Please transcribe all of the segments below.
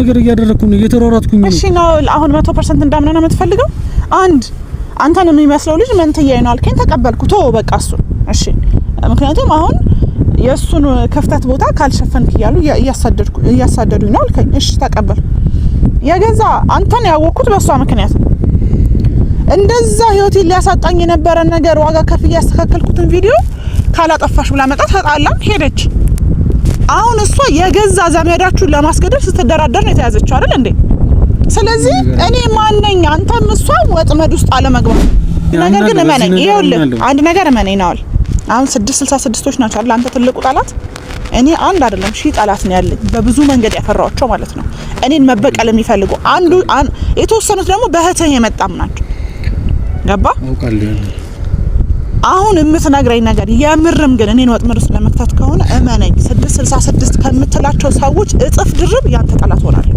ነገር እያደረኩኝ ነው፣ እየተሯሯጥኩኝ ነው። እሺ ነው አሁን 100% ነው የምትፈልገው አንድ አንተን የሚመስለው ልጅ መንትያዬ ነው አልከኝ፣ ተቀበልኩ። ቶ በቃ እሱ እሺ። ምክንያቱም አሁን የእሱን ክፍተት ቦታ ካልሸፈንክ እያሉ እያሳደድኩ እያሳደዱኝ ነው አልከኝ። እሺ ተቀበልኩ። የገዛ አንተን ያወቅኩት በእሷ ምክንያት እንደዛ ህይወቴን ሊያሳጣኝ የነበረ ነገር ዋጋ ከፍዬ ያስተካከልኩትን ቪዲዮ ካላጠፋሽ ብላ መጣ፣ ተጣላም፣ ሄደች። አሁን እሷ የገዛ ዘመዳችሁን ለማስገደል ስትደራደር ነው የተያዘችው አይደል እንዴ? ስለዚህ እኔ ማነኝ አንተም እሷ ወጥመድ ውስጥ አለመግባት። ነገር ግን እመነኝ፣ ይኸውልህ አንድ ነገር እመነኝ ነዋል። አሁን ስድስት ስልሳ ስድስቶች ናቸው አይደል አንተ ትልቁ ጠላት፣ እኔ አንድ አይደለም ሺህ ጠላት ነው ያለኝ፣ በብዙ መንገድ ያፈራኋቸው ማለት ነው። እኔን መበቀል የሚፈልጉ አንዱ የተወሰኑት ደግሞ በእህትህ የመጣም ናቸው። ገባ አሁን የምትነግረኝ ነገር የምርም ግን እኔን ወጥመድ ውስጥ ለመክታት ከሆነ እመነኝ፣ ስድስት ስልሳ ስድስት ከምትላቸው ሰዎች እጥፍ ድርብ ያንተ ጠላት ሆናል።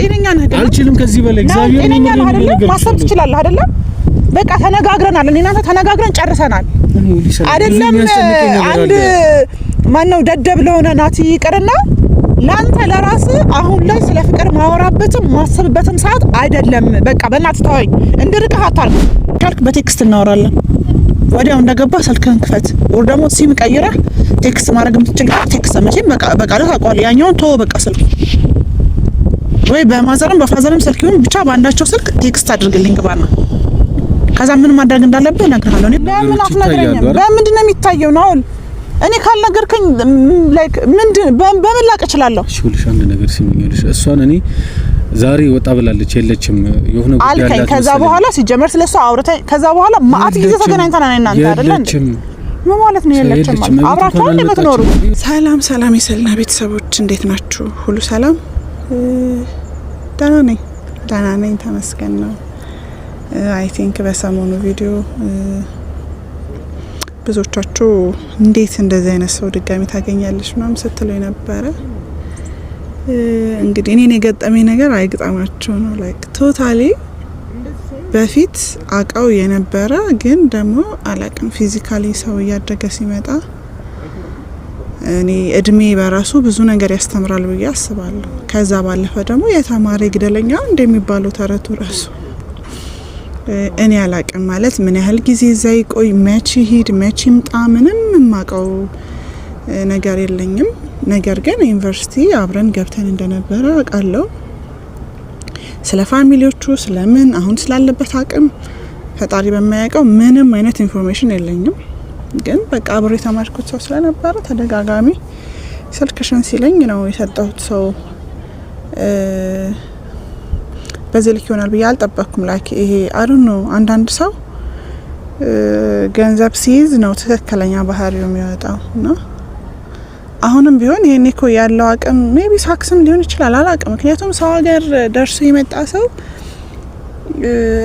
ጤነኛ ነህ? አልችልም ከዚህ በላይ እግዚአብሔር ጤነኛ ነህ አይደለም? ማሰብ ትችላለህ አይደለም? በቃ ተነጋግረናል። እኔ እናንተ ተነጋግረን ጨርሰናል አይደለም? አንድ ማነው ደደብ ለሆነ ናቲ ይቅርና ለአንተ ለራስ አሁን ላይ ስለ ፍቅር ማወራበትም ማሰብበትም ሰዓት አይደለም። በቃ በእናትህ ተወኝ፣ እንድርቅህ አታርግ ካልክ በቴክስት እናወራለን። ወዲያው እንደገባ ስልክህን ክፈት፣ ወር ደግሞ ሲም ቀይረህ ቴክስት ማድረግ የምትችል ቴክስት መቼም በቃለ ታውቀዋለህ። ያኛውን ተወው በቃ ስልክ ወይ በማዘርም በፋዘርም ስልክ ይሁን ብቻ በአንዳቸው ስልክ ቴክስት አድርግልኝ ግባና ከዛ ምን ማድረግ እንዳለብህ እነግርሃለሁ። በምን አትነግረኝም? በምንድን ነው የሚታየው ነው አሁን እኔ ካልነገርከኝ ላይክ ምንድን በምን ላቅ እችላለሁ? እሺ ብልሽ አንድ ነገር ሲምኝልሽ እሷን እኔ ዛሬ ወጣ ብላለች የለችም የሆነ ጉዳይ አልከኝ። ከዛ በኋላ ሲጀመር ስለሷ አውርተኝ ከዛ በኋላ ማአት ጊዜ ተገናኝተን እኔ እናንተ አይደለ እንዴ ምን ማለት ነው የለችም? አብራችሁ አንድ የምትኖሩ ሰላም ሰላም፣ የሰልና ቤተሰቦች እንዴት ናችሁ? ሁሉ ሰላም? ደህና ነኝ ደህና ነኝ፣ ተመስገን ነው። አይ ቲንክ በሰሞኑ ቪዲዮ ብዙዎቻችሁ እንዴት እንደዚህ አይነት ሰው ድጋሚ ታገኛለች ምናም ስትለው ነበረ። እንግዲህ እኔን የገጠመኝ ነገር አይግጣማቸው ነው። ላይክ ቶታሊ በፊት አቀው የነበረ ግን ደግሞ አላቅም ፊዚካሊ ሰው እያደገ ሲመጣ እኔ እድሜ በራሱ ብዙ ነገር ያስተምራል ብዬ አስባለሁ። ከዛ ባለፈ ደግሞ የተማሪ ግደለኛ እንደሚባለው ተረቱ ራሱ እኔ አላቅም ማለት ምን ያህል ጊዜ እዛ ይቆይ፣ መቼ ሂድ፣ መቼ ይምጣ፣ ምንም የማውቀው ነገር የለኝም። ነገር ግን ዩኒቨርሲቲ አብረን ገብተን እንደነበረ አውቃለሁ። ስለ ፋሚሊዎቹ ስለምን አሁን ስላለበት አቅም ፈጣሪ በማያውቀው ምንም አይነት ኢንፎርሜሽን የለኝም። ግን በቃ አብሮ የተማርኩት ሰው ስለነበረ ተደጋጋሚ ስልክሽን ሲለኝ ነው የሰጠሁት ሰው በዚህ ልክ ይሆናል ብዬ አልጠበቅኩም። ላይክ ይሄ አዱን አንዳንድ ሰው ገንዘብ ሲይዝ ነው ትክክለኛ ባህሪው የሚወጣው እና አሁንም ቢሆን ይሄኔ እኮ ያለው አቅም ሜቢ ሳክስም ሊሆን ይችላል አላቅም። ምክንያቱም ሰው ሀገር ደርሶ የመጣ ሰው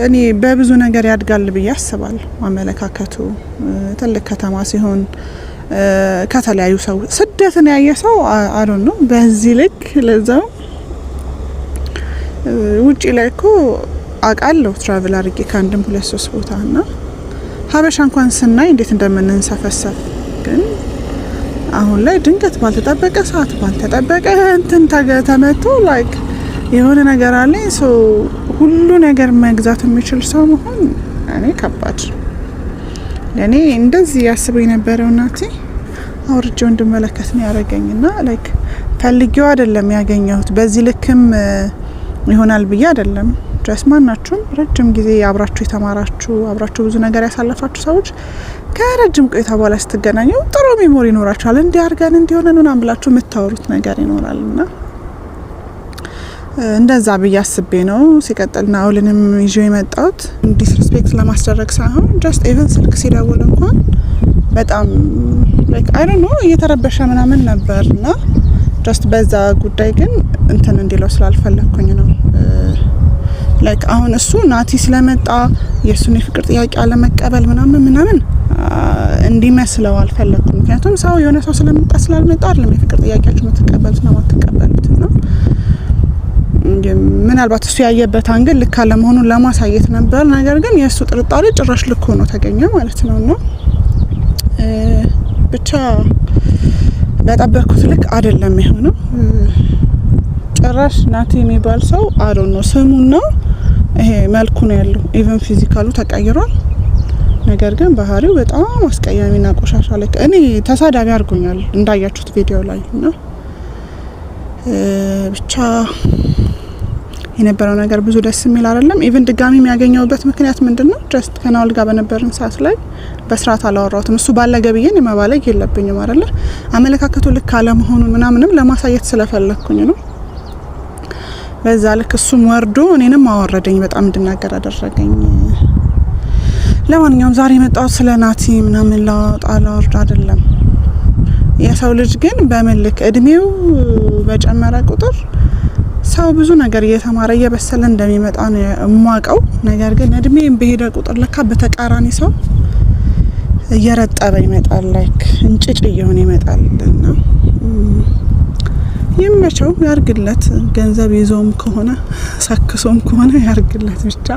እኔ በብዙ ነገር ያድጋል ብዬ አስባለሁ። አመለካከቱ ትልቅ ከተማ ሲሆን ከተለያዩ ሰው ስደትን ያየ ሰው አዶን ነው በዚህ ልክ ለዛው ውጪ ላይ እኮ አውቃለሁ ትራቭል አድርጌ ከአንድም ሁለት ሶስት ቦታ እና ሀበሻ እንኳን ስናይ እንዴት እንደምንንሰፈሰፍ ግን አሁን ላይ ድንገት ባልተጠበቀ ሰዓት ባልተጠበቀ እንትን ተመቶ ላይክ የሆነ ነገር አለኝ ሁሉ ነገር መግዛት የሚችል ሰው መሆን እኔ ከባድ ለእኔ እንደዚህ ያስበው የነበረው እናቴ አውርጄው እንድመለከት ነው ያደረገኝ። ና ላይክ ፈልጌው አይደለም ያገኘሁት በዚህ ልክም ይሆናል ብዬ አይደለም። ድረስ ማናችሁም ረጅም ጊዜ አብራችሁ የተማራችሁ አብራችሁ ብዙ ነገር ያሳለፋችሁ ሰዎች ከረጅም ቆይታ በኋላ ስትገናኙ ጥሩ ሜሞሪ ይኖራችኋል። እንዲ አርገን እንዲሆነን ምናምን ብላችሁ የምታወሩት ነገር ይኖራል እና እንደዛ ብዬ አስቤ ነው። ሲቀጥል ናውልንም ይዤ የመጣሁት ዲስሪስፔክት ለማስደረግ ሳይሆን ጀስት ኢቨን ስልክ ሲደውል እንኳን በጣም አይዶን ነው እየተረበሸ ምናምን ነበር እና ጃስት በዛ ጉዳይ ግን እንትን እንዲለው ስላልፈለግኩኝ ነው። ላይክ አሁን እሱ ናቲ ስለመጣ የእሱን የፍቅር ጥያቄ አለመቀበል ምናምን ምናምን እንዲመስለው አልፈለግኩም። ምክንያቱም ሰው የሆነ ሰው ስለመጣ ስላልመጣ አይደለም የፍቅር ጥያቄያችሁ የምትቀበሉት ነው የማትቀበሉት ነው። ምናልባት እሱ ያየበት አንግል ልክ አለመሆኑን ለማሳየት ነበር። ነገር ግን የእሱ ጥርጣሬ ጭራሽ ልክ ሆኖ ተገኘ ማለት ነው እና ብቻ በጠበኩት ልክ አይደለም የሆነው። ጭራሽ ናቲ የሚባል ሰው አዶን ነው ስሙና ይሄ መልኩ ነው ያለው። ኢቨን ፊዚካሉ ተቀይሯል። ነገር ግን ባህሪው በጣም አስቀያሚና ቆሻሻ ልክ እኔ ተሳዳቢ አድርጎኛል እንዳያችሁት ቪዲዮ ላይ እና ብቻ የነበረው ነገር ብዙ ደስ የሚል አይደለም። ኢቨን ድጋሚ የሚያገኘውበት ምክንያት ምንድን ነው? ጀስት ከናውል ጋር በነበርን ሰዓት ላይ በስርዓት አላወራሁትም። እሱ ባለገ ብዬን የመባለግ የለብኝም አይደለ። አመለካከቱ ልክ አለመሆኑን ምናምንም ለማሳየት ስለፈለግኩኝ ነው። በዛ ልክ እሱም ወርዶ እኔንም አወረደኝ፣ በጣም እንድናገር አደረገኝ። ለማንኛውም ዛሬ የመጣሁት ስለ ናቲ ምናምን ላወጣ ላወርድ አይደለም። የሰው ልጅ ግን በምን ልክ እድሜው በጨመረ ቁጥር ሰው ብዙ ነገር እየተማረ እየበሰለ እንደሚመጣ ነው የማውቀው። ነገር ግን እድሜም በሄደ ቁጥር ለካ በተቃራኒ ሰው እየረጠበ ይመጣል፣ ላይክ እንጭጭ እየሆነ ይመጣል። እና ይመቸው ያርግለት፣ ገንዘብ ይዞም ከሆነ ሰክሶም ከሆነ ያርግለት። ብቻ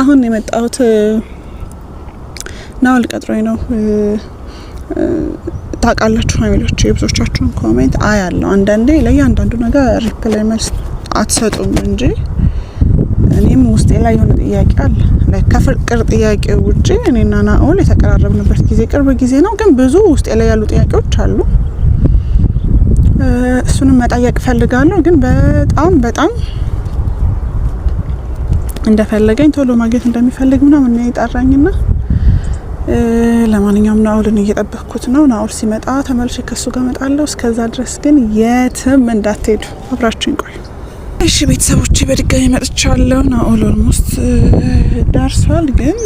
አሁን የመጣሁት ናውል ቀጥሮኝ ነው። ታውቃላችሁ ፋሚሊዎች፣ የብዙዎቻችሁን ኮሜንት አያለሁ። አንዳንዴ ለእያንዳንዱ ነገር ሪፕላይ መልስ አትሰጡም እንጂ እኔም ውስጤ ላይ የሆነ ጥያቄ አለ። ከፍቅር ጥያቄ ውጭ እኔና ናኦል የተቀራረብንበት ጊዜ ቅርብ ጊዜ ነው፣ ግን ብዙ ውስጤ ላይ ያሉ ጥያቄዎች አሉ። እሱንም መጠየቅ ፈልጋለሁ፣ ግን በጣም በጣም እንደፈለገኝ ቶሎ ማግኘት እንደሚፈልግ ምናምን የጠራኝና ለማንኛውም ናኦልን እየጠበቅኩት ነው። ናኦል ሲመጣ ተመልሼ ከሱ ጋር እመጣለሁ። እስከዛ ድረስ ግን የትም እንዳትሄዱ አብራችሁኝ ቆዩ። እሺ ቤተሰቦቼ በድጋሚ መጥቻለሁ። ናኦል ኦልሞስት ደርሷል። ግን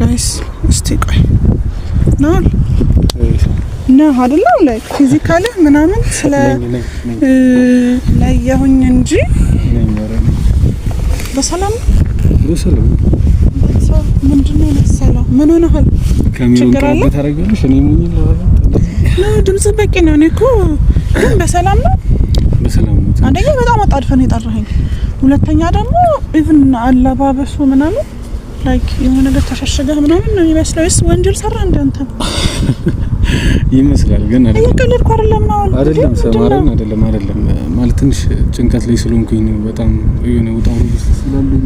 ጋይስ እስቲ ቆይ ናል ነው አይደለም ላይ ፊዚካል ምናምን ስለ ላየሁኝ እንጂ በሰላም በሰላም ምንድን የመሰለው? ምን ሆነሃል? ችግር አለ? ድምጽ በቂ ነው። እኔ እኮ ግን በሰላም ነው በሰላም አንደኛ በጣም አጣድፈን የጠራኸኝ፣ ሁለተኛ ደግሞ ኢቭን አለባበሱ ምናምን ላይክ የሆነ ነገር ተሸሸገህ ምናምን ነው የሚመስለው። ስ ወንጀል ሰራ እንደ ይመስላል። ግን እየቀለድኩ አይደለም። አሁን አይደለም ሰማረን አይደለም አይደለም ማለት ትንሽ ጭንቀት ላይ ስለሆንኩኝ በጣም የሆነ ውጣ ስላለኝ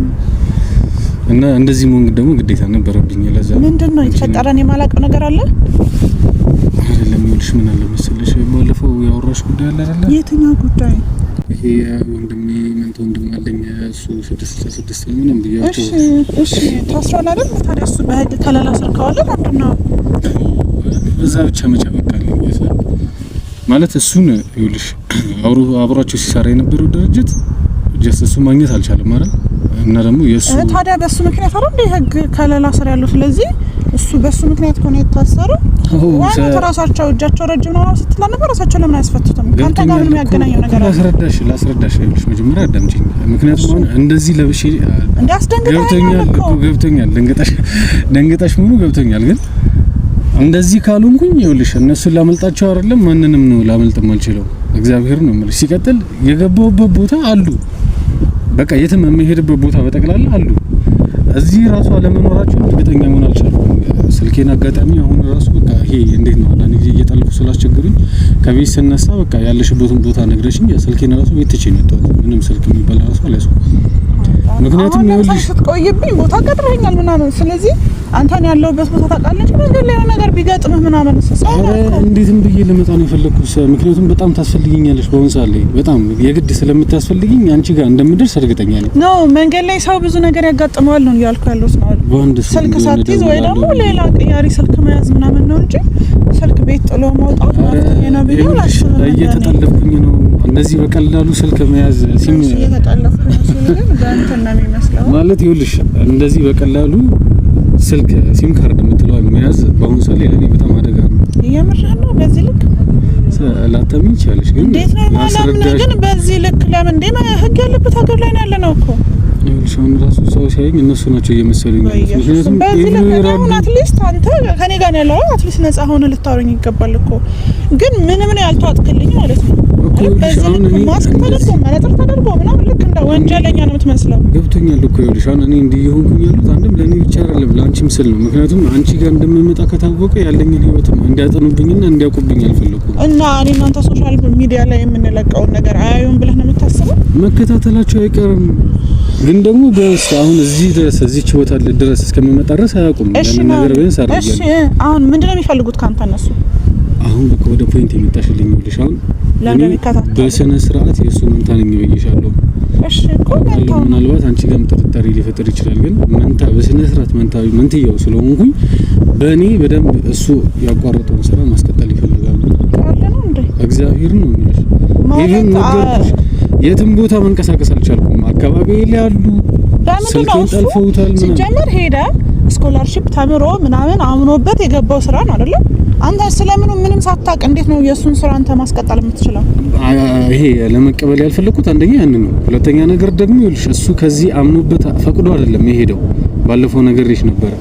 እና እንደዚህ መሆን ደግሞ ግዴታ ነበረብኝ። ለዛ ምንድን ነው የተፈጠረን የማላውቀው ነገር አለ አይደለም። ይኸውልሽ ምን አለ መሰለሽ ባለፈው ያወራሽ ጉዳይ አለ አይደለ? የትኛው ጉዳይ ይሄ ወንድሜ መንተ ወንድም አለኝ እሱ ስድስት ስድስት ምንም ብያቸው። እሺ ታስሯል አይደል? ታዲያ እሱ በህግ ከለላ ስር ከዋለ ምንድን ነው እዛ ብቻ መጨበቅ አለበት ማለት እሱን ይኸውልሽ፣ አብሯቸው ሲሰራ የነበረው ድርጅት ጀስት ማግኘት አልቻለም አይደል? እና ደግሞ የእሱ ታዲያ በእሱ ምክንያት አይደል ህግ ከለላ ስር ያለው። ስለዚህ እሱ በእሱ ምክንያት ከሆነ የታሰረው ዋናው ራሳቸው እጃቸው ረጅም ነው ስትላ ነበር። ራሳቸው ለምን አያስፈቱትም? ከአንተ ጋር ምንም ያገናኘው ነገር አለ? ላስረዳሽ ላስረዳሽ ይኸውልሽ፣ መጀመሪያ አዳምጪኝ። ምክንያቱም አሁን እንደዚህ ለብሼ ገብቶኛል እኮ ገብቶኛል። ደንገጣሽ ደንገጣሽ ሙሉ ገብቶኛል። ግን እንደዚህ ካልሆንኩኝ ይኸውልሽ፣ እነሱን ላመልጣቸው አይደለም ማንንም ነው ላመልጥም አልችለው። እግዚአብሔር ነው የምልሽ። ሲቀጥል የገባሁበት ቦታ አሉ፣ በቃ የትም የምሄድበት ቦታ በጠቅላላ አሉ። እዚህ ራሷ ለመኖራቸው እርግጠኛ መሆን አልቻልኩም። ስልኬን አጋጣሚ አሁን ራሱ በቃ ይሄ እንዴት ነው አንዳንድ ጊዜ እየጠለፉ ስላስቸግሩኝ ከቤት ስነሳ በቃ ያለሽበትን ቦታ ነግረሽኝ ስልኬን ራሱ ቤት ትቼ ነው የወጣሁት። ምንም ስልክ የሚባል ራሱ አልያዝኩም። ምክንያቱም ይኸውልሽ ቆይብኝ ቦታ ቀጥረኛል ምናምን። ስለዚህ አንተን ያለሁበት ቦታ ታውቃለች። መንገድ ላይ ነገር ቢገጥምህ ምናምን እንዴትም ብዬ ልመጣ ነው የፈለግኩት። ምክንያቱም በጣም ታስፈልጊኛለሽ በአሁን ሰዓት ላይ በጣም የግድ ስለምታስፈልጊኝ አንቺ ጋር እንደምደርስ እርግጠኛ ነኝ። ኖ መንገድ ላይ ሰው ብዙ ነገር ያጋጥመዋል ነው እያልኩ ያለው። ስልክ ሳትይዝ ወይ ደግሞ ሌላ ቅያሪ ስልክ መያዝ ምናምን ነው እንጂ ስልክ ቤት ጥሎ መውጣት ነው ብዬ ላሽም እየተጠለፍኩኝ ነው። እንደዚህ በቀላሉ ስልክ መያዝ ሲም ማለት ይኸውልሽ፣ እንደዚህ በቀላሉ ስልክ ሲም ካርድ የምትለው መያዝ በአሁኑ ሰዓት ላይ ለእኔ በጣም አደጋ ነው። እየምርህ ነው በዚህ ልክ ላታምኝ ይቻለሽ፣ ግን እንዴት ግን በዚህ ልክ ለምን ህግ ያለበት ሀገር ላይ ያለ ነው እኮ ሰውን ራሱ ሰው ሲያየኝ እነሱ ናቸው እየመሰሉኝ። ምክንያቱም ሁን አትሊስት አንተ ከኔ ጋር ያለው አትሊስት ነጻ ሆነ ልታወረኝ ይገባል እኮ ግን ምንም ነው ያልተዋጥክልኝ ማለት ነው። በዚህ ልክ ማስክ ተደርጎ መነጥር ተደርጎ ምናምን ልክ እንደ ወንጀለኛ ነው የምትመስለው። ገብቶኛል እኮ ይኸውልሽ፣ እኔ እንዲህ የሆንኩኝ ያሉት አንድም ለእኔ ብቻ አይደለም ለአንቺም ስል ነው። ምክንያቱም አንቺ ጋር እንደምመጣ ከታወቀ ያለኝን ህይወትም እንዲያጠኑብኝና እንዲያውቁብኝ እና እኔ እናንተ ሶሻል ሚዲያ ላይ የምንለቀውን ነገር አያዩም ብለህ ነው የምታስበው? መከታተላቸው አይቀርም ግን ደግሞ በስ አሁን እዚህ ድረስ እዚህ ችቦታ ድረስ እስከሚመጣ ድረስ አያውቁም። ነገር ወይ ወይን እሺ፣ አሁን ምንድነው የሚፈልጉት ካንተ እነሱ? አሁን በቃ ወደ ፖይንት የመጣሽልኝ ይልሻል። ለምን በስነ ስርዓት የእሱን እንታን ነው ይይሻለሁ ምናልባት አንቺ ጋም ጥርጣሬ ሊፈጥር ይችላል። ግን መንታ በስነ ስርዓት መንታዊ መንትያው ስለሆንኩኝ በእኔ በደንብ እሱ ያቋረጠውን ስራ ማስቀጠል ይፈልጋሉ። እግዚአብሔር ነው የሚልሽ። ይህን ነገርሽ የትም ቦታ መንቀሳቀስ አልቻልኩም። አካባቢ ላይ ያሉ ስልኬን ጠልፈውታል። ሲጀመር ሄደ ስኮላርሽፕ ተምሮ ምናምን አምኖበት የገባው ስራ ነው አይደለም። አንተ ስለምኑ ምንም ሳታቅ እንዴት ነው የእሱን ስራ አንተ ማስቀጠል የምትችለው? ይሄ ለመቀበል ያልፈለኩት አንደኛ ያን ነው። ሁለተኛ ነገር ደግሞ ይልሽ እሱ ከዚህ አምኖበት ፈቅዶ አይደለም የሄደው። ባለፈው ነገርሽ ነበረ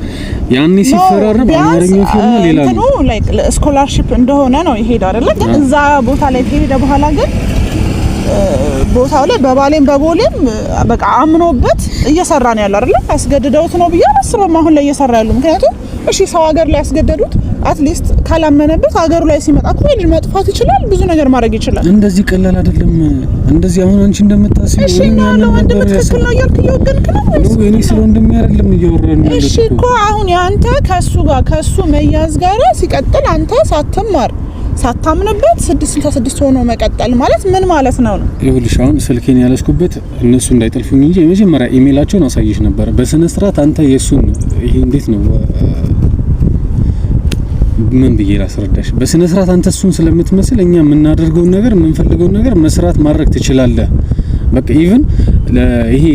ያኔ ሲፈራረብ አማርኛ ፊልም ሌላ ነው ላይክ ስኮላርሺፕ እንደሆነ ነው የሄደው አይደለ? ግን እዛ ቦታ ላይ ከሄደ በኋላ ግን ቦታው ላይ በባሌም በቦሌም በቃ አምኖበት እየሰራ ነው ያለው አይደለ? ያስገድደውት ነው ብዬ አላስብም አሁን ላይ እየሰራ ያሉ። ምክንያቱም እሺ ሰው ሀገር ላይ ያስገደዱት አትሊስት ካላመነበት ሀገሩ ላይ ሲመጣ ኮይን ይሄንን መጥፋት ይችላል፣ ብዙ ነገር ማድረግ ይችላል። እንደዚህ ቀላል አይደለም። እንደዚህ አሁን አንቺ እንደምታስብ እሺ ነው ለወንድም ትክክል ነው እያልክ እየወገንክ ነው ነው እኔ ስለ ወንድም አይደለም እያወራን ነው። እሺ እኮ አሁን ያንተ ከሱ ጋር ከሱ መያዝ ጋር ሲቀጥል አንተ ሳትማር ሳታምንበት ስድስት ስልሳ ስድስት ሆኖ መቀጠል ማለት ምን ማለት ነው ነው? ይኸውልሽ አሁን ስልኬን ያለስኩበት እነሱ እንዳይጠልፉኝ እንጂ የመጀመሪያ ኢሜላቸውን አሳየሽ ነበር በስነ ስርዓት። አንተ የእሱን ይሄ እንዴት ነው ምን ብዬ ላስረዳሽ? በስነ ስርዓት አንተ እሱን ስለምትመስል እኛ የምናደርገውን ነገር የምንፈልገውን ነገር መስራት ማድረግ ትችላለህ። በቃ ኢቭን ይሄ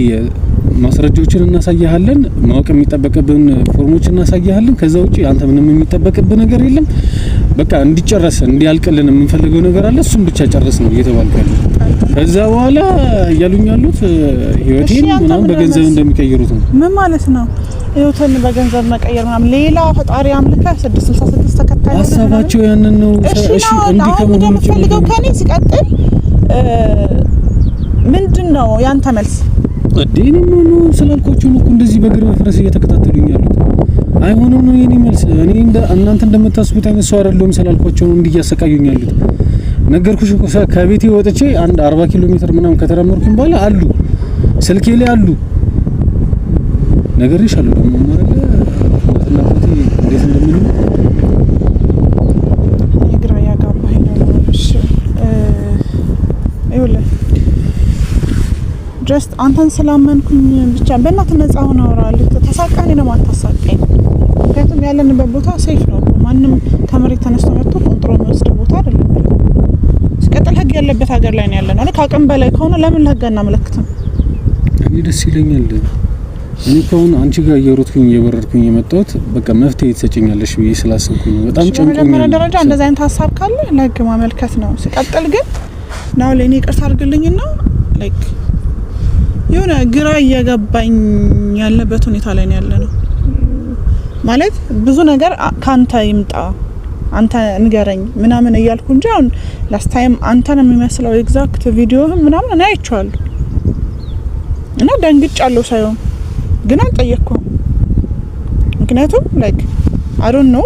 ማስረጃዎችን እናሳያለን ማወቅ የሚጠበቅብን ፎርሞች እናሳያለን ከዛ ውጪ አንተ ምንም የሚጠበቅብህ ነገር የለም። በቃ እንዲጨረስ እንዲያልቅልን የምንፈልገው ነገር አለ። እሱም ብቻ ጨርስ ነው እየተባልኩ ያለው። ከዛ በኋላ እያሉኝ ያሉት ህይወቴን ምናምን በገንዘብ እንደሚቀይሩት ነው። ምን ማለት ነው? ህይወትን በገንዘብ መቀየር ምናምን ሌላ ፈጣሪ አምልካ 666 ተከታይ ሀሳባቸው ያንን ነው። እሺ እንዲህ ከመሆኑ የምፈልገው ከኔ ሲቀጥል ምንድን ነው ያንተ መልስ? እዴንም ነው ስላልኳቸው ነው እኮ እንደዚህ በግር መፍረስ እየተከታተሉኝ ያሉት አይሆንም ነው የኔ መልስ። እኔ እናንተ እንደምታስቡት አይነት ሰው አይደለሁም ስላልኳቸው ነው እንዲህ እያሰቃዩኝ ያሉት። ነገርኩሽ እኮ ከቤቴ ወጥቼ አንድ 40 ኪሎ ሜትር ምናምን ከተራመድኩኝ በኋላ አሉ፣ ስልኬ ላይ አሉ። ነግሬሻለሁ ደግሞ ማለት እናትና አባቴ እንዴት እንደሚሉ ግራ ያጋባኝ ነው። እሺ ይኸውልህ ጀስት አንተን ስላመንኩኝ ብቻ በእናትህ ነፃ ሆነ አውራ ልትተሳቃኝ ነው የማታሳቀኝ ምክንያቱም ያለንበት ቦታ ሴፍ ነው። ማንም ከመሬት ተነስቶ መጥቶ ቆንጥሮ የሚወስደው ቦታ አይደለም። ሲቀጥል ህግ ያለበት ሀገር ላይ ነው ያለ ነው። ከአቅም በላይ ከሆነ ለምን ለህግ አናመለክትም? እኔ ደስ ይለኛል። እኔ ከሆነ አንቺ ጋር እየሮጥኩኝ እየበረርኩኝ የመጣሁት በቃ መፍትሄ የተሰጭኛለሽ ብዬ ስላሰብኩኝ በጣም ጨንቆኛል። ደረጃ እንደዚህ አይነት ሀሳብ ካለ ለህግ ማመልከት ነው። ሲቀጥል ግን ናው ላይ እኔ ቅርስ አድርግልኝና ላይክ የሆነ ግራ እየገባኝ ያለበት ሁኔታ ላይ ነው ያለ ነው። ማለት ብዙ ነገር ከአንተ ይምጣ አንተ ንገረኝ ምናምን እያልኩ እንጂ አሁን ላስት ታይም አንተን የሚመስለው ኤግዛክት ቪዲዮ ምናምን እኔ አይቼዋለሁ እና አለው ሳይሆን ግን አልጠየቅኩም። ምክንያቱም ላይክ አዶን ነው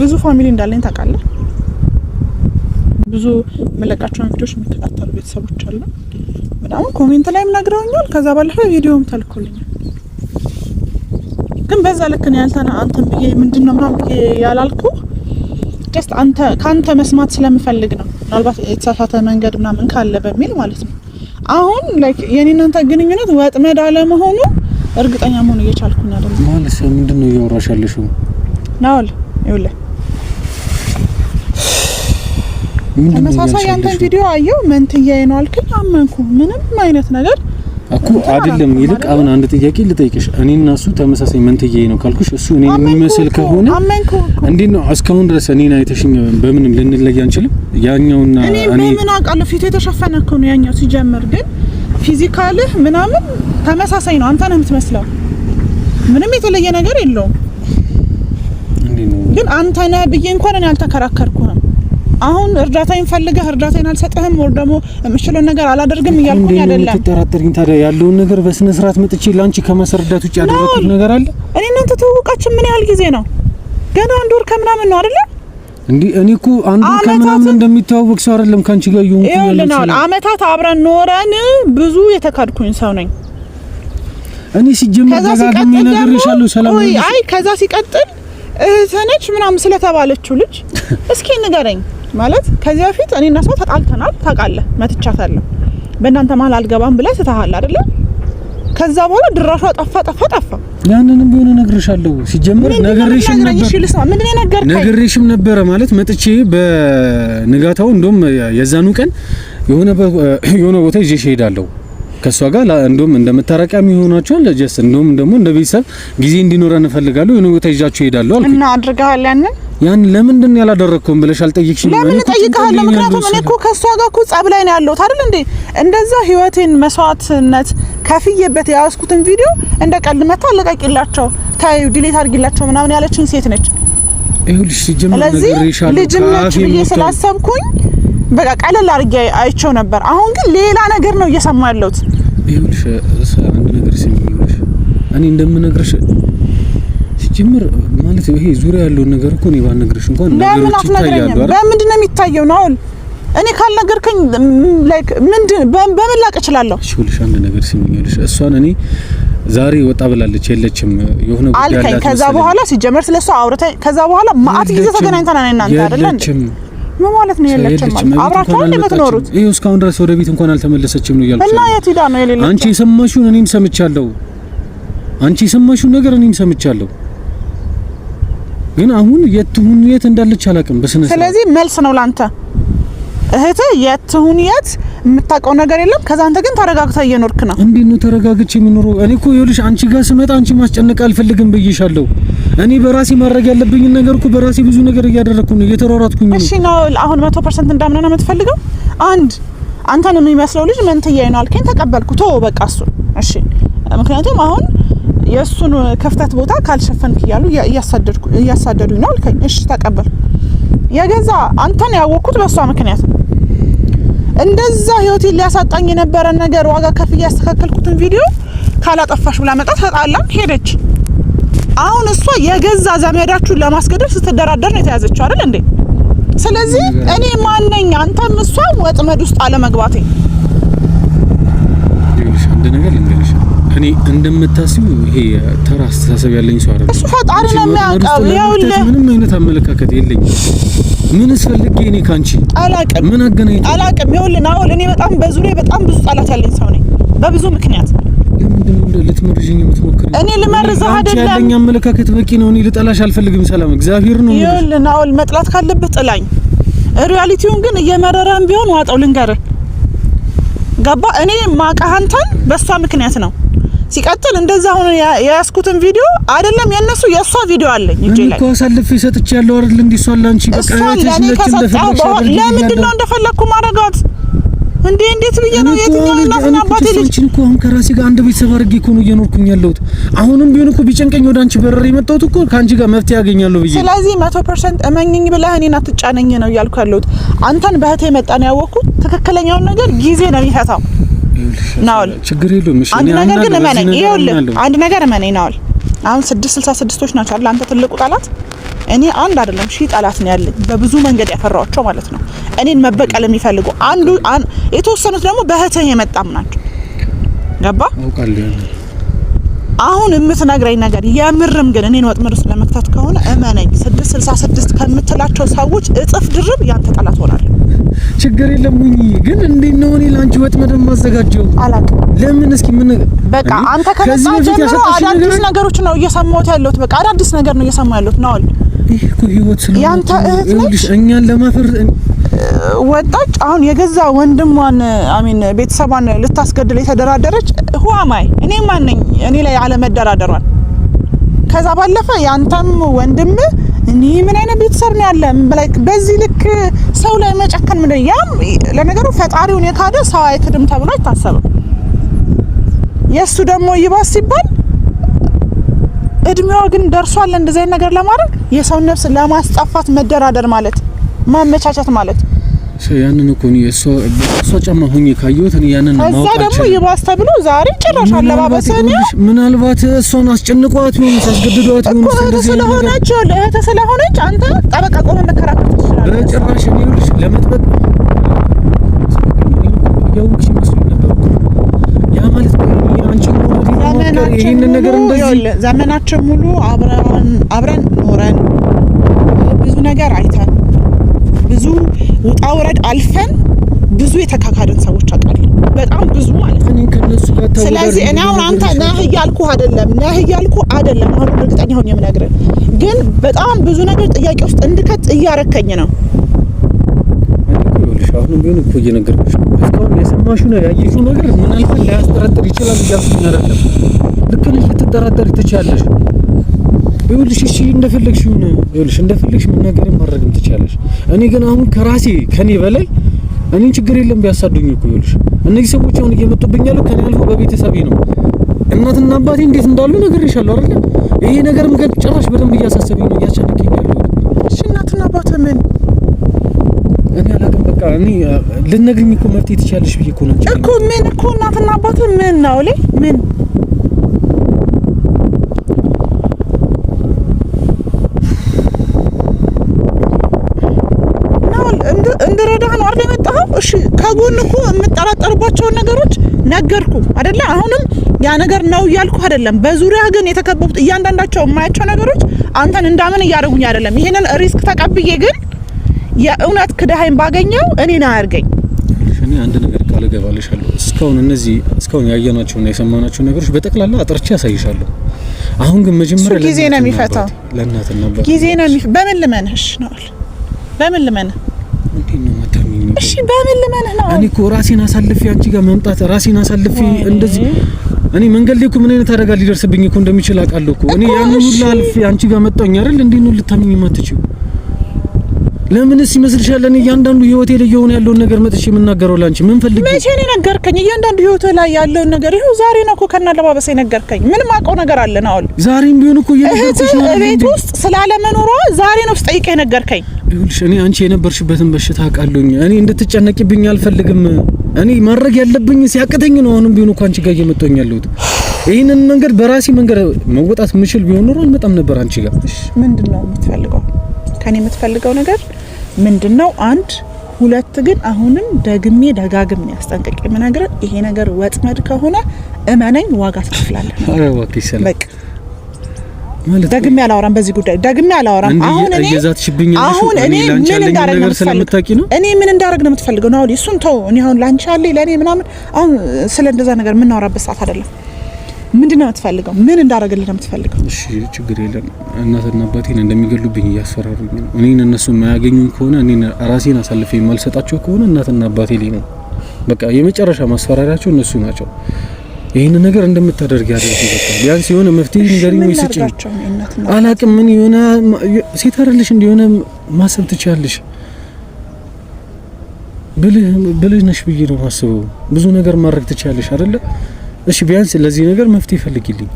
ብዙ ፋሚሊ እንዳለኝ ታውቃለህ። ብዙ መለቃቸውን ቪዲዮዎች የሚከታተሉ ቤተሰቦች አሉ ምናምን ኮሜንት ላይም ነግረውኛል። ከዛ ባለፈ ቪዲዮም ተልኮልኛል። ግን በዛ ልክ ነው ያልተና አንተን ብዬ ምንድን ነው ምናምን ብዬ ያላልኩ ጀስት አንተ ከአንተ መስማት ስለምፈልግ ነው። ምናልባት የተሳሳተ መንገድ ምናምን ካለ በሚል ማለት ነው። አሁን ላይክ የኔ እናንተ ግንኙነት ወጥመድ አለመሆኑ እርግጠኛ መሆን እየቻልኩኝ አይደለም። ማለት ምንድን ነው እያወራሽ ያለሽው? ናውል ይኸውልህ ተመሳሳይ አንተን ቪዲዮ አየው መንትዬ ነው አልከኝ፣ አመንኩ። ምንም አይነት ነገር እኮ አይደለም። ይልቅ አሁን አንድ ጥያቄ ልጠይቅሽ። እኔና እሱ ተመሳሳይ መንትዬ ነው ካልኩሽ እሱ እኔን የሚመስል ከሆነ እንዴት ነው እስካሁን ድረስ እኔን አይተሽኝ በምንም ልንለይ አንችልም? ያኛውና እኔ ምን አውቃለሁ? ፊቱ የተሸፈነ እኮ ነው ያኛው። ሲጀምር ግን ፊዚካልህ ምናምን ተመሳሳይ ነው። አንተ ነህ የምትመስለው። ምንም የተለየ ነገር የለውም። ግን አንተ ነህ ብዬ እንኳን እኔ አልተከራከርኩህም። አሁን እርዳታ ፈልገህ እርዳታ አልሰጥህም ወር ደግሞ የምችለውን ነገር አላደርግም እያልኩኝ አይደለም። ተጠራጠርኝ። ታዲያ ያለውን ነገር በስነ ስርዓት መጥቼ ለአንቺ ከማስረዳት ውጭ ያደረኩት ነገር አለ? እኔ እናንተ ትውውቃችን ምን ያህል ጊዜ ነው? ገና አንድ ወር ከምናምን ነው አይደለ? እንዴ እኔ እኮ አንድ ወር ከምናምን እንደሚተዋወቅ ሰው አይደለም ካንቺ ጋር ይሁን ይሁን አመታት አብረን ኖረን ብዙ የተካድኩኝ ሰው ነኝ እኔ ሲጀምር ደጋግሜ ነግሬሻለሁ። ሰላም አይ ከዛ ሲቀጥል እህትህ ነች ምናምን ስለተባለችው ልጅ እስኪ ንገረኝ። ማለት ከዚህ በፊት እኔ እና እሷ ተጣልተናል፣ ታውቃለህ፣ መትቻታለሁ። በእናንተ መሀል አልገባም ብለህ ስታሃል አይደለ? ከዛ በኋላ ድራሿ ጠፋ ጠፋ ጠፋ። ያንንም ቢሆን እነግርሻለሁ። ሲጀምር ነግሬሽም ነበር ነግሬሽም ነበረ ማለት መጥቼ በንጋታው እንደውም የዛኑ ቀን የሆነ የሆነ ቦታ ይዤሽ እሄዳለሁ ከእሷ ጋር እንደውም እንደምታረቂያ የሚሆናቸዋል ለጀስ እንደውም ደግሞ እንደ ቤተሰብ ጊዜ እንዲኖረን እፈልጋለሁ የሆነ ቦታ ይዣችሁ እሄዳለሁ አልኩኝ እና አድርገሃል ያንን ያን ለምንድን ያላደረግከውም ብለሽ አልጠየቅሽኝ። ለምን እጠይቅሃለሁ? ምክንያቱም እኔ እኮ ከእሷ ጋር እኮ ጸብ ላይ ነው ያለሁት አይደል እንዴ? እንደዛ ህይወቴን መስዋዕትነት ከፍዬበት የያዝኩትን ቪዲዮ እንደ ቀልድ መታ አለቀቂላቸው፣ ተይው፣ ዲሌት አድርጊላቸው ምናምን ያለችን ሴት ነች። ይኸውልሽ ሲጀምር ነግሬሻለሁ። ልጅም ነች ብዬ ስላሰብኩኝ በቃ ቀለል አድርጌ አይቼው ነበር። አሁን ግን ሌላ ነገር ነው እየሰማ ያለሁት። ይኸውልሽ አንድ ነገር ሲሚ ይኸውልሽ እኔ እንደምነግርሽ ሲጀምር ማለት ይሄ ዙሪያ ያለውን ነገር እኮ እኔ ባልነግርሽ እንኳን ነገሮች ይታያሉ አረ በምንድን ነው የሚታየው ነው አሁን እኔ ካልነገርከኝ ላይክ ምንድን በምን ላቅ እችላለሁ? እሺ ሁልሽ አንድ ነገር ሲሚኝልሽ እሷን እኔ ዛሬ ወጣ ብላለች የለችም የሆነ ጉዳይ አለ አልከኝ። ከዛ በኋላ ሲጀመር ስለሷ አውርተኝ ከዛ በኋላ ማአት ጊዜ ተገናኝተና ነው እናንተ አይደል እንዴ? ምን ማለት ነው የለችም? አብራችሁ አንድ የምትኖሩት ይኸው እስካሁን ድረስ ወደ ቤት እንኳን አልተመለሰችም ነው እያልኩሽ እና የት ሄዳ ነው የሌለችው? አንቺ የሰማሽውን እኔም ሰምቻለሁ። አንቺ የሰማሽውን ነገር እኔም ሰምቻለሁ። ግን አሁን የትሁን የት እንዳለች አላውቅም። በስነ ስለዚህ መልስ ነው ላንተ እህት የትሁን የት የምታውቀው ነገር የለም። ከዛ አንተ ግን ተረጋግተህ እየኖርክ ነው። እንዴት ነው ተረጋግቼ የምኖረው? እኔ እኮ ይኸውልሽ አንቺ ጋር ስመጣ አንቺ ማስጨነቅ አልፈልግም ብዬሻለሁ። እኔ በራሴ ማድረግ ያለብኝ ነገር እኮ በራሴ ብዙ ነገር እያደረግኩ ነው፣ እየተሯሯጥኩኝ ነው። እሺ ነው አሁን 100% እንዳምነና የምትፈልገው አንድ አንተን የሚመስለው ልጅ መንትያዬ ነው አልከኝ፣ ተቀበልኩ። ቶ በቃ እሱ እሺ። ምክንያቱም አሁን የእሱን ክፍተት ቦታ ካልሸፈንክ እያሉ እያሳደዱኝ ነው አልከኝ። እሺ ተቀበል። የገዛ አንተን ያወቅኩት በእሷ ምክንያት ነው። እንደዛ ህይወቴን ሊያሳጣኝ የነበረ ነገር ዋጋ ከፍ እያስተካከልኩትን ቪዲዮ ካላጠፋሽ ብላ መጣ። ተጣላን፣ ሄደች። አሁን እሷ የገዛ ዘመዳችሁን ለማስገደድ ስትደራደር ነው የተያዘችው አይደል እንዴ? ስለዚህ እኔ ማነኝ አንተም እሷም ወጥመድ ውስጥ አለመግባቴ እኔ እንደምታስቡ ይሄ ተራ አስተሳሰብ ያለኝ ሰው አይደለም። እሱ ፈጣሪ ነው የሚያውቀው። ይኸውልህ ምንም አይነት አመለካከት የለኝም። ምን ስፈልጌ እኔ ካንቺ አላውቅም። ምን አገናኝ አላውቅም። ይኸውልህ ናሆል፣ እኔ በጣም በዙሪያ በጣም ብዙ ጠላት ያለኝ ሰው ነኝ በብዙ ምክንያት ልትመርዥኝ የምትሞክር እኔ ልመርዘህ አይደለም። ያለኝ አመለካከት በቂ ነው። እኔ ልጠላሽ አልፈልግም። ሰላም እግዚአብሔር ነው። ይኸውልህ ናሆል፣ መጥላት ካለብህ ጥላኝ። ሪያሊቲውን ግን እየመረረን ቢሆን ዋጠው ልንገርህ። ገባ እኔ ማውቅህ አንተን በእሷ ምክንያት ነው ሲቀጥል እንደዛ አሁን የያዝኩትን ቪዲዮ አይደለም የነሱ የእሷ ቪዲዮ አለኝ እጄ ላይ እኮ አሳልፌ ያለው አይደል? እንዲሷ ላንቺ በቃ ለምንድን ነው እንደፈለግኩ ማድረጋት እንዴ? እንዴት ብዬ ነው የትኛው እናትና አባቴ ልጅ እኮ አሁን ከራሴ ጋር አንድ ቤተሰብ አድርጌ እኮ ነው እየኖርኩኝ ያለሁት። አሁንም ቢሆን እኮ ቢጨንቀኝ ወደ አንቺ በረር የመጣሁት እኮ ከአንቺ ጋር መፍትሄ ያገኛለሁ ብዬ። ስለዚህ 100% እመኝኝ ብለህ እኔን አትጫነኝ ነው እያልኩ ያለሁት። አንተን በህቴ መጣ ነው ያወቅኩት። ትክክለኛውን ነገር ጊዜ ነው ይፈታው ናውል ችግር የለውም። እሺ አንድ ነገር ግን እመነኝ፣ ይኸውልህ አንድ ነገር እመነኝ ናውል። አሁን ስድስት ስልሳ ስድስቶች ናቸው አለ አንተ ትልቁ ጠላት፣ እኔ አንድ አይደለም ሺህ ጠላት ነው ያለኝ፣ በብዙ መንገድ ያፈራኋቸው ማለት ነው። እኔን መበቀል የሚፈልጉ አንዱ የተወሰኑት ደግሞ በህትህ የመጣም ናቸው። ገባ አሁን የምትነግረኝ ነገር የምርም ግን እኔን ወጥመድ ውስጥ ለመክተት ከሆነ እመነኝ፣ ስድስት ስልሳ ስድስት ከምትላቸው ሰዎች እጥፍ ድርብ ያንተ ጠላት ሆናለሁ። ችግር የለም ግን እንዴት ነው እኔ ለአንቺ ወጥመድ የማዘጋጀው? አላውቅም። ለምን እስኪ ምን በቃ አንተ ከነሳ ጀምሮ አዳዲስ ነገሮች ነው እየሰማሁት ያለሁት። በቃ አዳዲስ ነገር ነው እየሰማሁ ያለሁት ነው አለ ይህ ህይወት ስለሆነ ያንተ እህት ነች እኛን ለማፈር ወጣች። አሁን የገዛ ወንድሟን አሚን ቤተሰቧን ልታስገድል የተደራደረች ሁ ሁዋማይ እኔ ማነኝ እኔ ላይ አለመደራደሯን። ከዛ ባለፈ ያንተም ወንድም እኔ ምን አይነት ቤተሰብ ነው ያለ በዚህ ልክ ሰው ላይ መጨከን ምን? ያም ለነገሩ ፈጣሪውን የካደ ሰው አይክድም ተብሎ አይታሰብም። የእሱ ደግሞ ይባስ ሲባል እድሜዋ ግን ደርሷል እንደዚህ ነገር ለማድረግ የሰውን ነፍስ ለማስጠፋት መደራደር ማለት ማመቻቸት ማለት ያንን እኮ እሷ ጫማ ሆኜ ካየሁት እኔ ያንን ነው ማውቃት። እዛ ደግሞ ይባስ ተብሎ ዛሬ ጭራሽ አለባበሰን ምናልባት እሷን አስጨንቋት ነው አስገድዷት ነው እኮ እህት ስለሆነች እህት ስለሆነች አንተ ጠበቃ ቆመ መከራከር ትችላለህ። በጭራሽ ነው ልጅ ለመጥበቅ መስሎኝ ነበር። ያ ማለት አንቺ ነገር እንደዚህ ዘመናችን ሙሉ አብረን አብረን ኖረን ብዙ ነገር አይተን ብዙ ውጣ ውረድ አልፈን ብዙ የተካካደን ሰዎች አውቃለሁ። በጣም ብዙ ማለት ነው። ስለዚህ እኔ አሁን አንተ ነህ እያልኩ አይደለም ነህ እያልኩ አይደለም። አሁን እርግጠኛ ሆኜ የምነግርህ ግን በጣም ብዙ ነገር ጥያቄ ውስጥ እንድከት እያረከኝ ነው። አሁንም ቢሆን እኮ እየነገርኩሽ እስካሁን የሰማሽው ነው ያየሽው ነገር ምናልባት ላያስጠረጥር ይችላል። እያልኩኝ አይደለም። ልክ ነሽ፣ ልትጠራጠሪ ትችያለሽ ይኸውልሽ፣ እሺ እንደፈለግሽ ይሁን፣ ይኸውልሽ እንደፈለግሽ ነገር ማድረግም ትችያለሽ። እኔ ግን አሁን ከራሴ ከኔ በላይ እኔን ችግር የለም ቢያሳዱኝ እኮ ይኸውልሽ፣ እነዚህ ሰዎች አሁን እየመጡብኛሉ። ከኔ አልፎ በቤተሰቤ ነው። እናትና አባቴ እንዴት እንዳሉ ነግሬሻለሁ አይደል? ይሄ ነገርም ግን ጭራሽ በደንብ እያሳሰበኝ ነው፣ እያስጨነቀኝ ነው። እሺ እናትና አባቴ ምን እኔ አላውቅም። በቃ እኔ ልትነግሪኝ እኮ መፍትሄ ትችያለሽ ብዬ እኮ ነው እኮ ምን እኮ እናትና አባቴ ምን ነው ምን እሺ ከጎን እኮ የምጠራጠርባቸውን ነገሮች ነገርኩ አደለ? አሁንም ያ ነገር ነው እያልኩ አደለም። በዙሪያ ግን የተከበቡት እያንዳንዳቸው የማያቸው ነገሮች አንተን እንዳምን እያደረጉኝ አደለም። ይሄንን ሪስክ ተቀብዬ ግን የእውነት ክዳሃይን ባገኘው እኔን አያርገኝ። እኔ አንድ ነገር ቃል እገባልሻለሁ። እስካሁን እነዚህ እስካሁን ያየናቸውና የሰማናቸው ነገሮች በጠቅላላ አጥርቼ ያሳይሻለሁ። አሁን ግን መጀመሪያ ጊዜ ነው የሚፈታው። ለእናትና ጊዜ ነው። በምን ልመንሽ ነዋል። በምን ልመንህ እሺ በምን ልመንህ ነው? እኔ እኮ ራሴን አሳልፌ አንቺ ጋር መምጣት ራሴን አሳልፌ እንደዚህ እኔ መንገድ ላይ እኮ ምን አይነት አደጋ ሊደርስብኝ እኮ እንደሚችል አውቃለሁ እኮ እኔ ያን ሁሉ አልፌ አንቺ ጋር መጣሁኝ አይደል? እንዴት ነው ልታምኚኝ የማትችይው? ለምንስ ይመስልሻል? እኔ እያንዳንዱ ህይወቴ ላይ የሆነ ያለውን ነገር መጥቼ የምናገረው ላንቺ ምን ፈልግ? መቼ ነው ነገርከኝ? እያንዳንዱ ህይወቴ ላይ ያለውን ነገር ይኸው ዛሬ ነው እኮ ከና ለባበሰ ነገርከኝ። ምንም አውቀው ነገር አለ ነው ዛሬም ቢሆን እኮ እየነገርኩሽ ነው። ቤት ውስጥ ስላለመኖሯ ዛሬ ነው ስጠይቀኝ ነገርከኝ። ይኸውልሽ እኔ አንቺ የነበርሽበትን በሽታ አውቃለሁኝ። እኔ እንድትጨነቂብኝ አልፈልግም። እኔ ማድረግ ያለብኝ ሲያቅተኝ ነው። አሁንም ቢሆን እኮ አንቺ ጋር እየመጣሁኝ ያለሁት ይህንን መንገድ በራሴ መንገድ መወጣት ምችል ቢሆን ኖሮ አልመጣም ነበር አንቺ ጋር። ምንድን ነው የምትፈልገው? ከኔ የምትፈልገው ነገር ምንድን ነው? አንድ ሁለት ግን አሁንም ደግሜ ደጋግሜ ያስጠንቅቄ የምነግርህ ይሄ ነገር ወጥመድ ከሆነ እመነኝ፣ ዋጋ አስከፍላለሁ። በቃ ደግሜ አላወራም በዚህ ጉዳይ ደግሜ አላወራም። አሁን እኔ አሁን እኔ ምን እንዳረግ ነው ነው እኔ ምን እንዳረግ ነው የምትፈልገው? አሁን እሱን ተው። እኔ አሁን ላንቺ አለ ለእኔ ምናምን አሁን ስለ እንደዛ ነገር የምናወራበት ሰዓት አይደለም። ምንድን ነው የምትፈልገው? ምን እንዳረግልህ ነው የምትፈልገው? እሺ ችግር የለም። እናትና አባቴን እንደሚገሉብኝ እያስፈራሩኝ ነው። እኔን እነሱ የማያገኙኝ ከሆነ እኔ ራሴን አሳልፌ የማልሰጣቸው ከሆነ እናትና አባቴ ላይ ነው በቃ የመጨረሻ ማስፈራሪያቸው እነሱ ናቸው። ይህን ነገር እንደምታደርግ ያደርግ ይበቃል። ቢያንስ የሆነ መፍትሄ ነገር ወይ ስጪኝ። አላቅም ምን የሆነ ሴት አይደለሽ እንደሆነ ማሰብ ትችያለሽ። ብልህ ብልህ ነሽ ብዬ ነው ማስበው። ብዙ ነገር ማድረግ ትችያለሽ አይደለ? እሺ ቢያንስ ለዚህ ነገር መፍትሄ ይፈልግልኝ።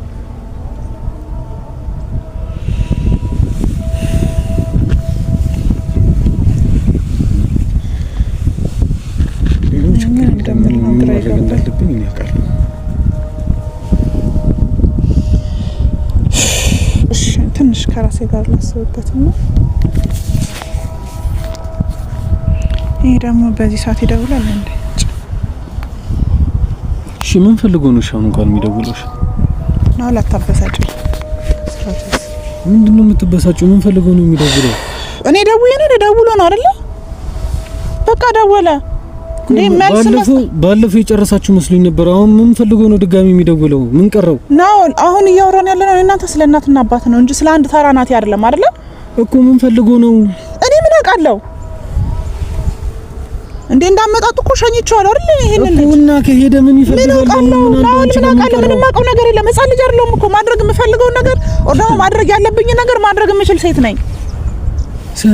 ምን ማድረግ እንዳለብኝ እኔ አውቃለሁ። ከራሴ ጋር ላስብበት ነው። ይህ ደግሞ በዚህ ሰዓት ይደውላል እንዴ? እሺ፣ ምን ፈልጎ ነው ሻውን እንኳን የሚደውለው? ነው ላታበሳጭ። ምንድን ነው የምትበሳጭው? ምን ፈልጎ ነው የሚደውለው? እኔ ደውዬ ነው ደውሎ ነው አይደለ? በቃ ደወለ። ባለፈው የጨረሳችሁ መስሎኝ ነበር። አሁን ምን ፈልገው ነው ድጋሚ የሚደውለው? ምን ቀረው ነው? አሁን እያወራን ያለ ነው እናንተ ስለ እናትና አባት ነው እንጂ ስለ አንድ ተራ ናት አይደለም። አይደለ እኮ ምን ፈልገው ነው? እኔ ምን አውቃለሁ እንዴ እንዳመጣጡ እኮ ሸኝቼዋለሁ አይደል? ይሄን ልጅ እና ከሄደ ምን ይፈልጋል? ምን አውቃለሁ? ምንም አውቀው ነገር የለም። ሕፃን ልጅ አይደለሁም እኮ ማድረግ የምፈልገው ነገር ደግሞ ማድረግ ያለብኝ ነገር ማድረግ የምችል ሴት ነኝ።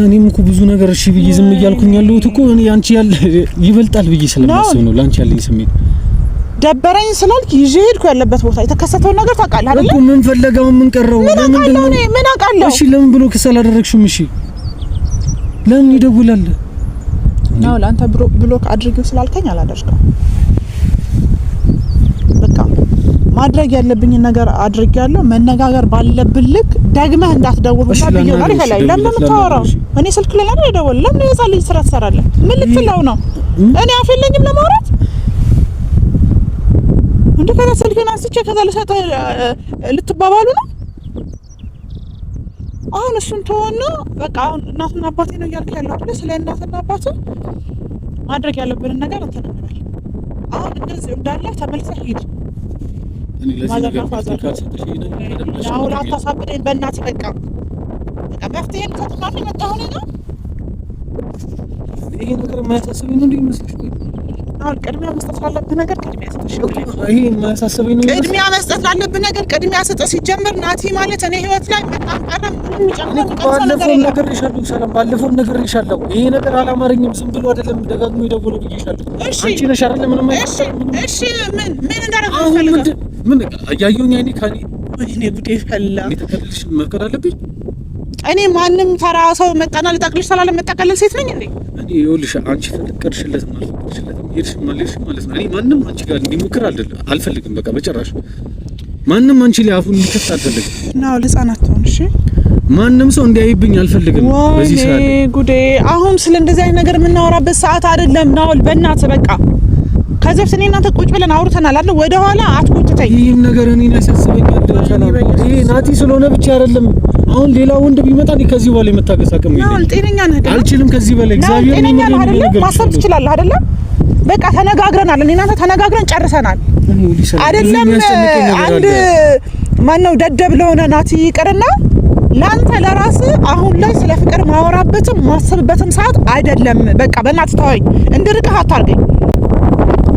እኔም እኮ ብዙ ነገር እሺ ብዬ ዝም እያልኩኝ ያለሁት እኮ እኔ አንቺ ያለ ይበልጣል ብዬ ስለማስብ ነው። ላንቺ ያለኝ ስሜት ደበረኝ ስላልክ ይዤ ሄድኩ። ያለበት ቦታ የተከሰተውን ነገር ታውቃለህ አይደል? እኮ ምን ፈለገው? ምን ቀረው? ምን አውቃለሁ እኔ ምን አውቃለሁ? እሺ ለምን ብሎ ክስ አላደረግሽም? እሺ ለምን ይደውላል ነው? ለአንተ ብሎክ አድርጊው ስላልከኝ አላደርገው በቃ ማድረግ ያለብኝን ነገር አድርጌያለሁ። መነጋገር ባለብን ልክ ደግመህ እንዳትደውል ብቻ ብዬ ጋር ይፈላል። ለምን የምታወራው? እኔ ስልክ ላይ አይደል ደወል። ለምን የዛ ልጅ ስራ ትሰራለህ? ምን ልትለው ነው? እኔ አፍ የለኝም ለማውራት እንደ ከዛ ስልክህን አንስቼ ከዛ ልሰጥህ ልትባባሉ ነው? አሁን እሱን ተወና በቃ አሁን እናትና አባቴ ነው እያልክ ያለው አይደል? ስለ እናትና አባቴ ማድረግ ያለብንን ነገር እንትን እንበል። አሁን እንደዚህ እንዳለ ተመልሰህ ሂድ። አሁን አታሳብደኝ በእናትህ በቃ በቃ መፍትሄ ልሰጥማን የመጣሁ ነው። ይሄ ነገር የማያሳስበኝ ነው እንደ ቅድሚያ መስጠት ላለብህ ነገር ቅድሚያ ስጠሽ። ይሄ የማያሳስበኝ ነው። ቅድሚያ መስጠት ላለብህ ነገር ቅድሚያ ስጠ። ሲጀምር ናቲ ማለት እኔ ህይወት ላይ ባለፈው ነግሬሻለሁ። ሰላም ባለፈው ነግሬሻለሁ። ይሄ ነገር አላማረኝም። ዝም ብሎ አይደለም ደጋግሞ የደወለው ብዬሻለሁ። አንቺ ነሽ አይደለ? ምንም አይሰ እሺ ምን ምን እንዳረገ አሁን ምን እያየሁኝ አይኔ ካኔ ወይኔ ጉዴ ፈላ። የተቀልልሽን መፍቀድ አለብኝ እኔ ማንም ተራ ሰው መጣና ልጠቅልሽ ስላለ መጠቀለል ሴት ነኝ እንዴ? እኔ ይኸውልሽ፣ አንቺ ፈቀድሽለት ማለት ማለት ማለት ነው። እኔ ማንም አንቺ ጋር እንዲሞክር አልፈልግም፣ በቃ በጭራሽ ማንም አንቺ ላይ አፉን እንዲከፍት አልፈልግም። ናው ልጻናት ሆን እሺ፣ ማንም ሰው እንዲያይብኝ አልፈልግም። በዚህ ሰዓት ጉዴ፣ አሁን ስለ እንደዚህ አይነት ነገር የምናወራበት ሰዓት አይደለም። ናው በእናትህ በቃ ከዚህ በፊት እኔ እናንተ ቁጭ ብለን አውርተናል አለ ወደ ኋላ አትቆጭተኝ። ይህን ነገር እኔን ያሳስበኛል። ይሄ ናቲ ስለሆነ ብቻ አይደለም። አሁን ሌላ ወንድ ቢመጣ እኔ ከዚህ በኋላ የመታገስ አቅም የለኝም። ጤነኛ ነህ አልችልም። ከዚህ በኋላ እግዚአብሔር ነው አይደለም። ማሰብ ትችላለህ አይደለም? በቃ ተነጋግረናል። እኔ እናንተ ተነጋግረን ጨርሰናል አይደለም? አንድ ማን ነው ደደብ ለሆነ ናቲ ይቅርና ለአንተ ለራስ አሁን ላይ ስለ ፍቅር ማወራበትም ማሰብበትም ሰዓት አይደለም። በቃ በእናትህ ተወኝ፣ እንድርቅህ አታርገኝ።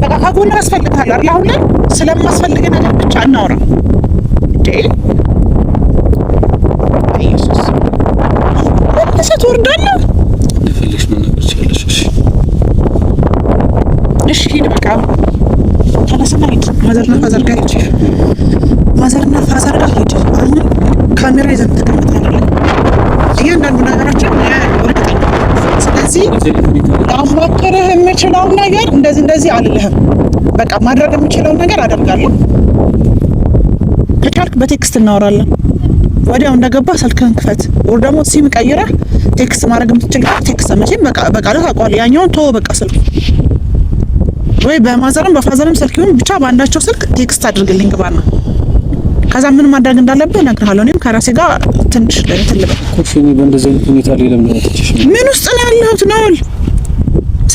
በቃ ከጎን ያስፈልግሃል አይደል? አሁን ላይ ስለማስፈልግ ነገር ብቻ እናውራ እንዴ። ኢየሱስ ወደሰ ትወርዳለህ። እንደፈለግሽ ነው ነገር እሺ፣ እሺ፣ ሂድ በቃ ተነስና ሂድ። ማዘርና ፋዘር ጋር ሂድ። ማዘርና ፋዘር ጋር ሂድ። አሁን ካሜራ ይዘን ተቀምጠናል። እያንዳንዱ ነገራችን ስለዚህ ላማክርህ የምችለው ነገር እንደዚህ እንደዚህ አልልህም። በቃ ማድረግ የምችለው ነገር አደርጋለሁ። ከቻልክ በቴክስት እናወራለን። ወዲያው እንደገባ ስልክህን ክፈት፣ ወር ደግሞ ሲም ቀይረህ ቴክስት ማድረግ የምትችል ቴክስት መቼም በቃ ታውቀዋለህ። ያኛውን ቶ በቃ ስልክ ወይ በማዘርም በፋዘርም ስልክ ይሁን ብቻ በአንዳቸው ስልክ ቴክስት አድርግልኝ ግባና ከዛ ምን ማድረግ እንዳለብህ እነግርሃለሁ። እኔም ከራሴ ጋር ትንሽ ትልቅ ምን ውስጥ ነው ያለሁት? ናውል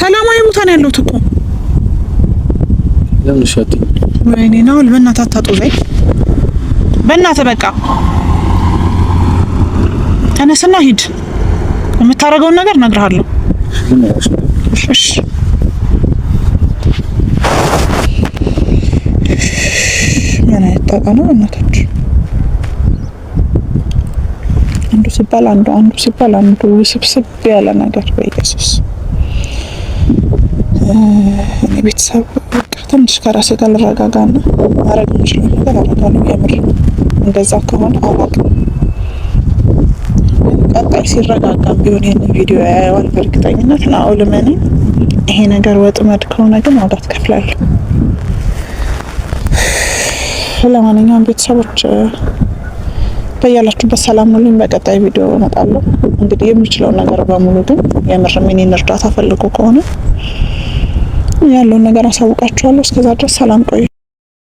ሰላማዊ ቦታ ነው ያለሁት እኮ ወይኔ ናውል፣ በእናትህ ዘይ በእናትህ በቃ ተነስና ሂድ። የምታደርገውን ነገር እነግርሃለሁ። እሺ አጠቃላይ እናታች አንዱ ሲባል አንዱ አንዱ ሲባል አንዱ ስብስብ ያለ ነገር በኢየሱስ እኔ ቤተሰብ በቃ ትንሽ ከራሴ ጋር ና ማድረግ የምችለው ነገር አረጋለሁ። የምር እንደዛ ከሆነ አላውቅም። ቀጣይ ሲረጋጋ ቢሆን ይህን ቪዲዮ ያየዋል በእርግጠኝነት። ናኦል መኒ ይሄ ነገር ወጥመድ ከሆነ ግን ዋጋ ትከፍላለህ። ለማንኛውም ቤተሰቦች በያላችሁበት ሰላም ሁሉም። በቀጣይ ቪዲዮ እመጣለሁ። እንግዲህ የምችለው ነገር በሙሉ ግን የምር ሚኒን እርዳታ ፈልጎ ከሆነ ያለውን ነገር አሳውቃችኋለሁ። እስከዛ ድረስ ሰላም ቆዩ።